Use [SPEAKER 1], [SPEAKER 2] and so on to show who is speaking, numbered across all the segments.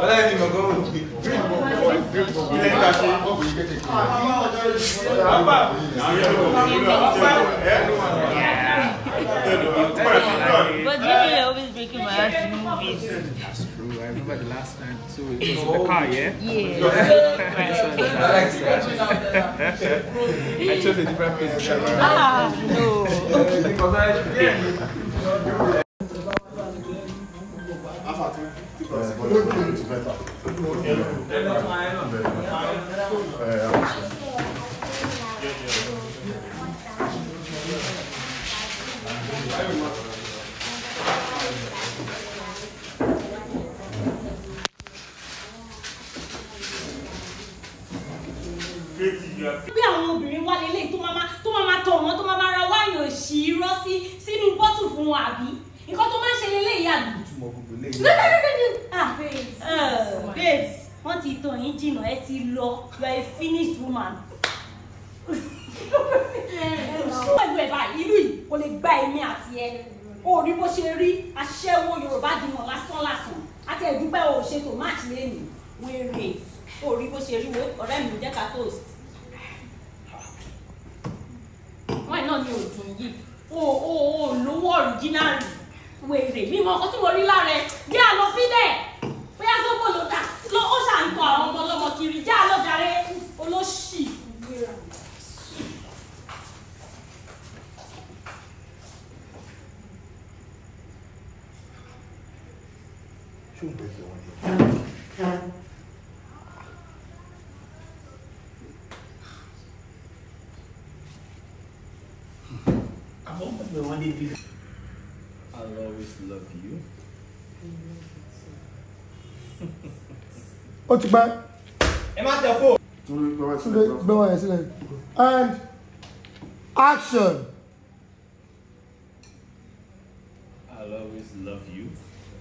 [SPEAKER 1] ọlá ẹni mọ̀gọ́ wò ní. ilé nígbà ṣe But usually always break my ass movies. That's true. I remember the last time too. It was in the oh, car, yeah? Yeah. I chose a different place. Ah, no. bí àwọn obìnrin wá lélẹ̀ tó máa tó máa tọ̀ wọ́n tó máa ra wáìnì òṣì irọ́ sí sínú bọ́tù fún wọn àbí nǹkan tó máa ń ṣe lélẹ̀ yà mí. babes wọ́n ti tàn yín jìnnà ẹ ti lọ you are a finished woman. pẹ̀lú ẹ̀ báyìí ìlú yìí kò lè gba ẹ̀mí àti ẹ̀ o rí bó ṣe rí aṣẹ́wó Yorùbá dìmọ̀ lásán lásán àti ẹ̀dúpẹ́ o ṣètò máàcì lẹ́nu wéré o rí bó ṣe rí ọ̀rẹ́ mi jẹ́ ká toast. náà ni òdùn yìí o ò lówó ọ̀ríjínàlì wèrè mímọ ọkọ tí mo rí lára ẹ bí pé wọ́n dé bí. I'll always love you. ó ti pẹ́. ẹ má tẹ fóònù. Túndé gbé wọn yẹn and action. I'll always love you.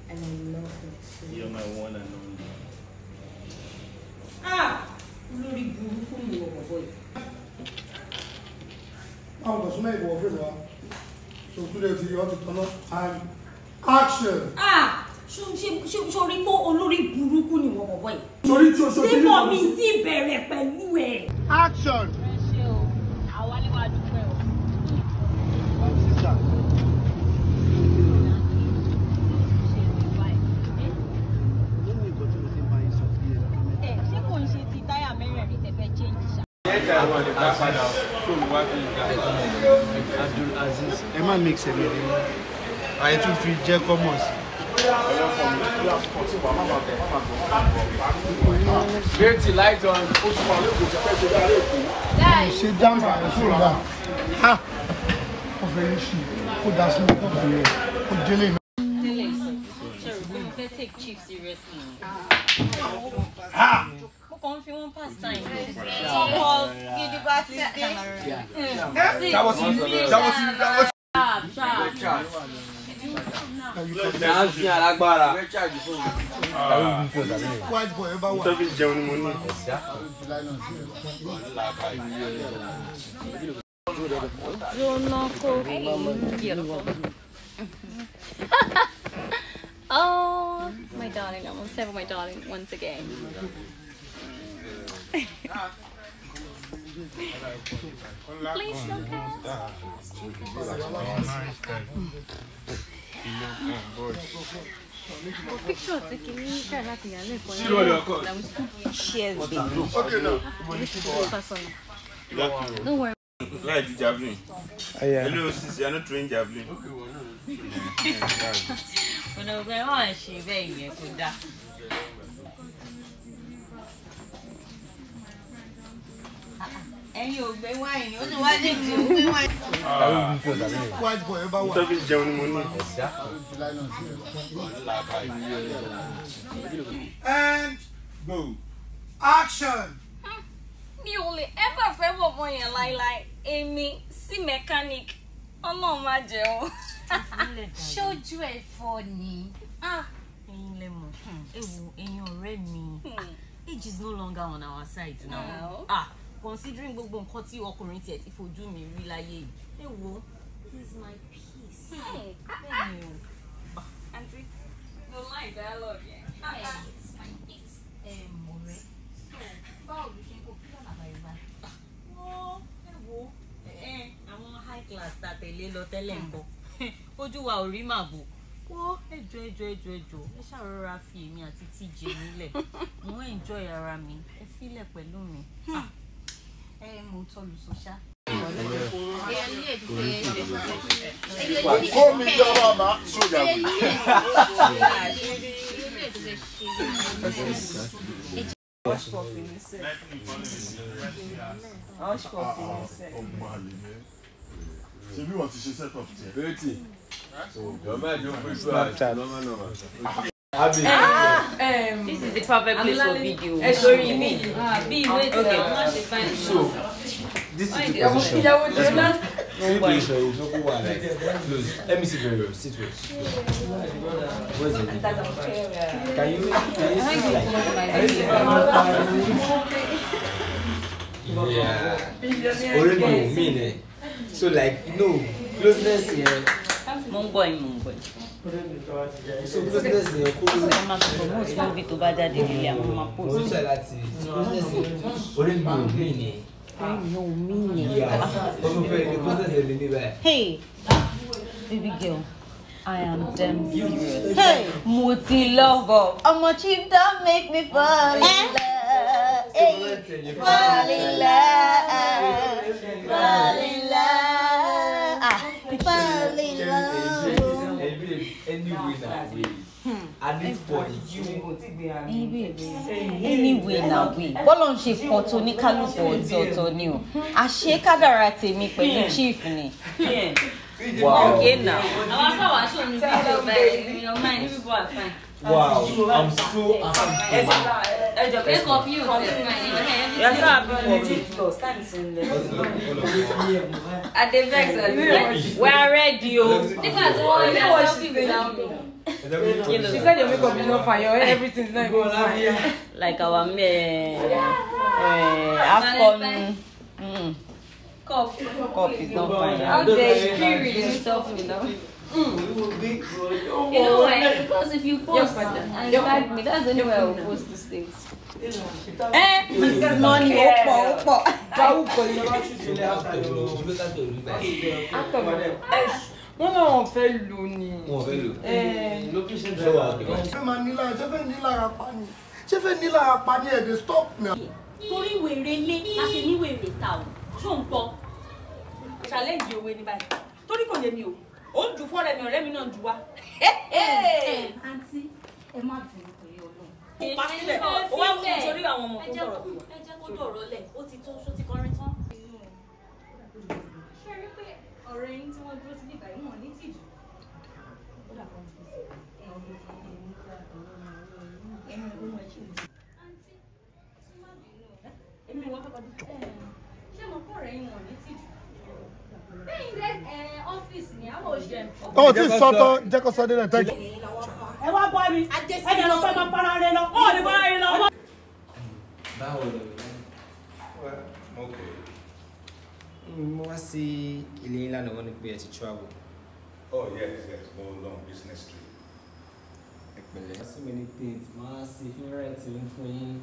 [SPEAKER 1] And I love you too. You're my one and only. Ah! Olórí burúkú ni mo bọ̀ bọ̀ yìí. Báwo lọ súnmọ́ ìbọ̀wọ̀ fún mi wá? so túnde ti yọ ti tọ́nà and action. Ah, ṣorí pé olórí burúkú ni wọ́n bọ̀ bọ́ yìí. torí tí o ṣojú ní ìbọn mi ti bẹ̀rẹ̀ pẹ̀lú ẹ̀. action. mix èmèrè mu àyè tún fi jẹ́ common sí. Béèntì láìjọ oṣù kan lè kò jẹ́ pẹ́ jẹ́ lálẹ́ èkó. Ṣé time. Tọkọ gidi bá ti dé. That was That was That was Oh, my darling. I'm on several my darling once again. Please don't Mo picture ti kìíní ká láti yà lẹ́kọ̀ọ́ yẹn. Sílò ọ̀dọ̀ ọkọ̀. Shares the Okay now. Don't worry. Láì ju javelin. Ilé oh, osisi, I no train javelin. Ọ̀nà ògbẹ́ wọn ṣe bẹ́ẹ̀ yẹn kò dáa. and go action. mi ò lè ever fẹ́ bọ̀ mọ́ yẹn láéláé èmi sí mechanic ọlọ́run má jẹun. ṣojú ẹ̀ fọ́ ni ah. ẹ̀yin lẹ mọ̀ ewu ẹ̀yin ọ̀rẹ́ mi hmm. ah, age is no longer on our side now. Ah. ah considering gbogbo nǹkan tí ọkùnrin tiẹ̀ ti fojú mi rí láyé yìí ẹ wo he is my peace. bẹ́ẹ̀ni o. àǹtí mo láì dialogue yẹn. he is my peace. ẹ mọ̀ rẹ báwo ló ṣe ń kó kílọ̀ làbàyè báyìí. ẹ wo àwọn high class ta tẹ̀lé lọ tẹ́lẹ̀ nǹkan ojú wa ò rí màbò wọ́n ẹjọ́ ẹjọ́ ẹjọ́ ẹjọ́ ẹ ṣàrọ̀ra fi èmi àti tíjẹ nílẹ̀ mo ń enjoy ara mi ẹ fílẹ̀ pẹ̀lú mi. Hmm. Ah, è molto lusosa. Come chiamava Suga? Aşk kofinisi. Aşk kofinisi. Celui où on t'a fait ça, toi, petit. Petit. Dommage, on peut jouer. Normal, normal. Abby. Ah, um, this is the perfect place for video. Uh, sorry, me. Be wait. Ah, okay. So, this is the position. Let's go. Sit position. It's not cool. Like, close. Let me sit very well. Sit well. Where is it? Can you? Can you sit like? Yeah. Already, me. Eh? So like, no closeness yeah. boy, Mumbai, boy. hey baby girl. I am damn serious. Hey, Muti lover. Ọmọ chief don't make me fall in eh? love. fall in love. Anyway, way we. way at this point anyway na we. bọ́lọ̀ ń ṣe pọ̀ tó ní kálukú ọ̀tọ̀ọ̀tọ̀ ni o àṣé hmm. kádàrá tèmi pẹ̀lú hmm. chief ni. Hmm. Wow. Okay now. Wow, I'm so happy ẹ jọ pé confuse yẹ sọ àbí wọ. adevex we are ready o. Oh. nígbà tí wọ́n yẹ selfie without me. She said your makeup is not fine, your hair everything is not even fine. Like our mere uh, afcon mm, cup. cup is not fine. How dare you? You're yourself, you know. Mm, will be good. you know why? Because if you post yeah, and yeah, tag me, that's the only way I will post these things. Eh, eh Mr. Money, Opo, Opo. wọ́n náà wọ́n fẹ́ lò ní. wọ́n fẹ́ lò. Eh. location ṣe wà kí. ṣé máa ní lára ṣé fẹ́ ní lára pa ni ṣé fẹ́ ní lára pa ni ẹ̀ dey stop na. torí wèrè lé láti ní wèrè ta o ṣó ń gbọ́ challenge owó ní báyìí torí kò lè mi o ó ń ju fọ́ọ̀rẹ́ mi ọ̀rẹ́ mi náà ju wa. àǹtí ẹ má bínú pẹ̀lú ọlọ́run. ó pa sílẹ̀ ó wá mú nítorí àwọn ọmọ tó sọ̀rọ̀ sí ẹ jẹ́ kó dọ̀rọ̀ lẹ̀ ó ti tó oṣù ti kọrin tán. ṣé rí pé ọ̀rẹ́ yín tí wọ́n dúró sí nígbà yìí wọ́n ní tìjú Oh, ti sọ tán jẹ́ kó sọ thank you. ẹ wá bọ́ mi ẹ dẹ̀ lọ fẹ́ máa para rẹ lọ ó ní oh yes yes mo long business trip. ẹ̀pẹ̀lẹ́. so many things máa ṣe fún rẹ̀ tí ń fún yín.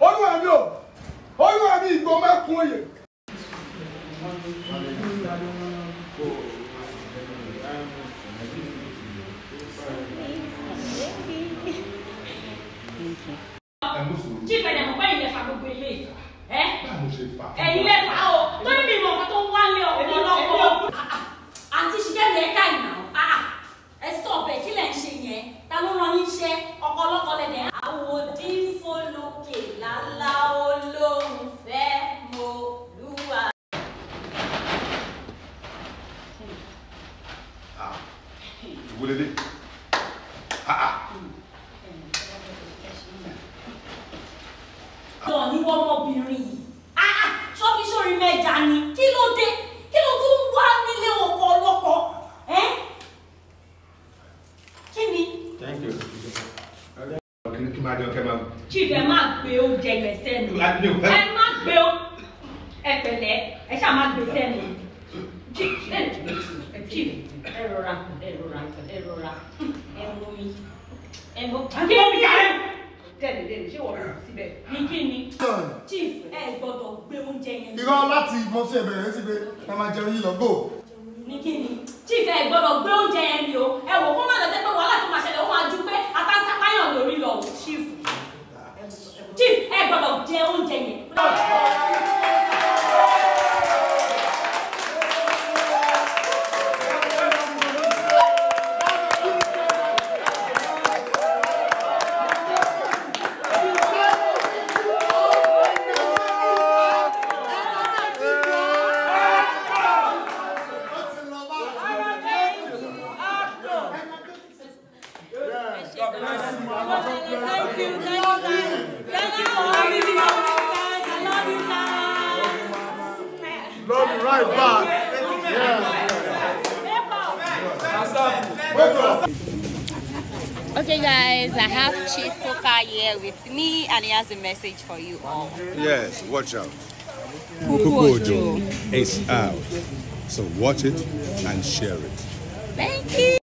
[SPEAKER 1] olúwa mi o olúwa mi ìgbò máa oyè. chief ẹ̀dẹ̀ mọ̀ báyìí lẹ́fà gbogbo ilé ẹ̀ ẹ̀yin lẹ́fà o torí mi mọ̀ nǹkan tó ń wálé ọ̀pọ̀ lọ́pọ̀ àti ṣiṣẹ́ mi ẹ̀ka ìnáwó ah, ah. ẹ̀ stop ẹ̀ kí lẹ̀ ń ṣe yẹn ta ló rán yín ṣẹ́ ọlọ́kọlẹ̀dẹ̀ àwo dífólókè lálá olóhùn fẹ́ mo lúwa. Ah, ìwúlélẹ́. máa jẹun kẹ́ máa. chief ẹ má gbé oúnjẹ yẹn sẹ́nu ẹ má gbé o ẹ pẹ̀lẹ́ ẹ ṣáà má gbé sẹ́nu chief ẹ rọra ẹ rọra ẹ rọra ẹ mú mi ẹ mú mi tẹ̀lé lẹ́nu ṣé wọ́n rẹ̀ síbẹ̀. ní kí ni. chief ẹ gbọ́dọ̀ gbé oúnjẹ yẹn. irọ́ láti mọ́tò ẹ̀bẹ̀rẹ̀ sí pé ẹ máa jẹun yìí lọ́gbọ̀. ní kí ni chief ẹ gbọ́dọ̀ gbé oúnjẹ yẹn ni o ẹ wò kó má lọ tẹ́pẹ́ wàhálà tó máa ṣẹlẹ̀ ó máa ju pé atásápáyàn lórí lọ chief chief ẹ gbọ́dọ̀ jẹ oúnjẹ yẹn. right back. Yeah. Okay guys, I have Chief Poker here with me and he has a message for you all. Yes, watch out. Kukojo is out. So watch it and share it. Thank you.